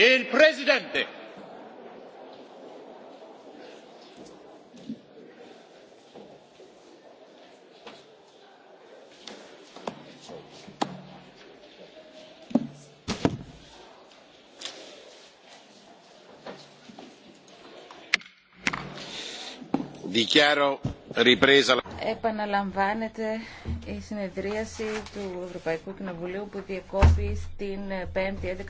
Il Presidente. Dichiaro ripresa. Επαναλαμβάνεται η συνεδρίαση του Ευρωπαϊκού Κοινοβουλίου που διεκόπη στην 5η 11 η